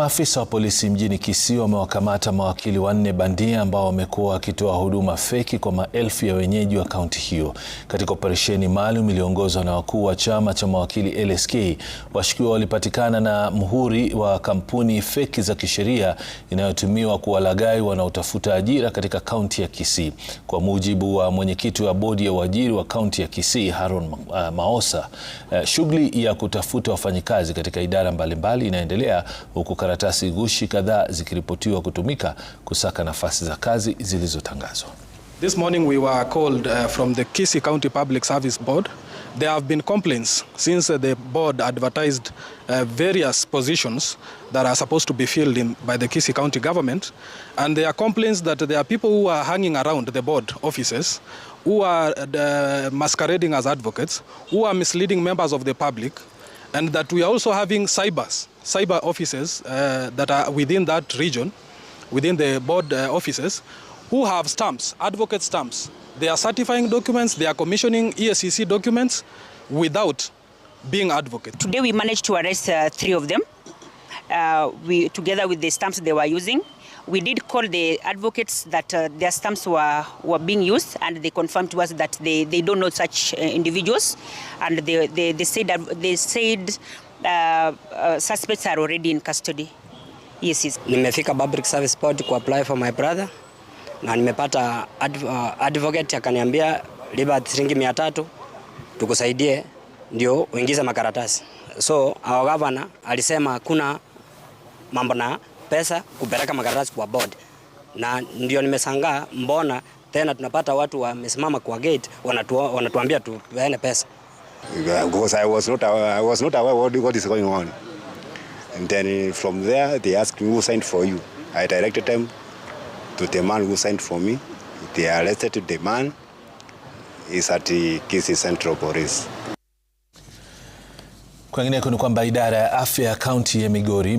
Maafisa wa polisi mjini Kisii wamewakamata mawakili wanne bandia ambao wamekuwa wakitoa huduma feki kwa maelfu ya wenyeji wa kaunti hiyo. Katika operesheni maalum iliyoongozwa na wakuu wa chama cha mawakili LSK, washukiwa walipatikana na mhuri wa kampuni feki za kisheria inayotumiwa kuwalagai wanaotafuta ajira katika kaunti ya Kisii. Kwa mujibu wa mwenyekiti wa bodi ya uajiri wa kaunti ya Kisii, Haron uh, Maosa, uh, shughuli ya kutafuta wafanyikazi katika idara mbalimbali inaendelea huku karatasi gushi kadhaa zikiripotiwa kutumika kusaka nafasi za kazi zilizotangazwa. This morning we were called uh, from the Kisii County Public Service Board. There have been complaints since uh, the board advertised uh, various positions that are supposed to be filled in by the Kisii County government. And there are complaints that there are people who are hanging around the board offices who are uh, masquerading as advocates, who are misleading members of the public and that we are also having cybers, cyber offices uh, that are within that region, within the board uh, offices, who have stamps, advocate stamps. They are certifying documents, they are commissioning ESCC e documents without being advocate. Today we managed to arrest uh, three of them, uh, we, together with the stamps they were using. We did call the advocates that uh, their stamps were, were being used and they confirmed to us that they, they don't know such uh, individuals and they, they, they said, that they said uh, uh, suspects are already in custody. Yes, yes. Nimefika public service board ku apply for my brother na nimepata adv uh, advocate akaniambia liba shilingi mia tatu tukusaidie ndio uingize makaratasi. So our governor alisema hakuna mambo na pesa kupeleka makaratasi kwa board, na ndio nimesangaa mbona tena tunapata watu wamesimama kwa gate wanatu, wanatuambia tupeane pesa. Because I was not, I was not aware what, what is going on. And then from there they asked me who signed for you. I directed them to the man who signed for me. They arrested the man. Is at the Kisii Central Police. Kwingineko ni kwamba idara ya afya ya kaunti ya Migori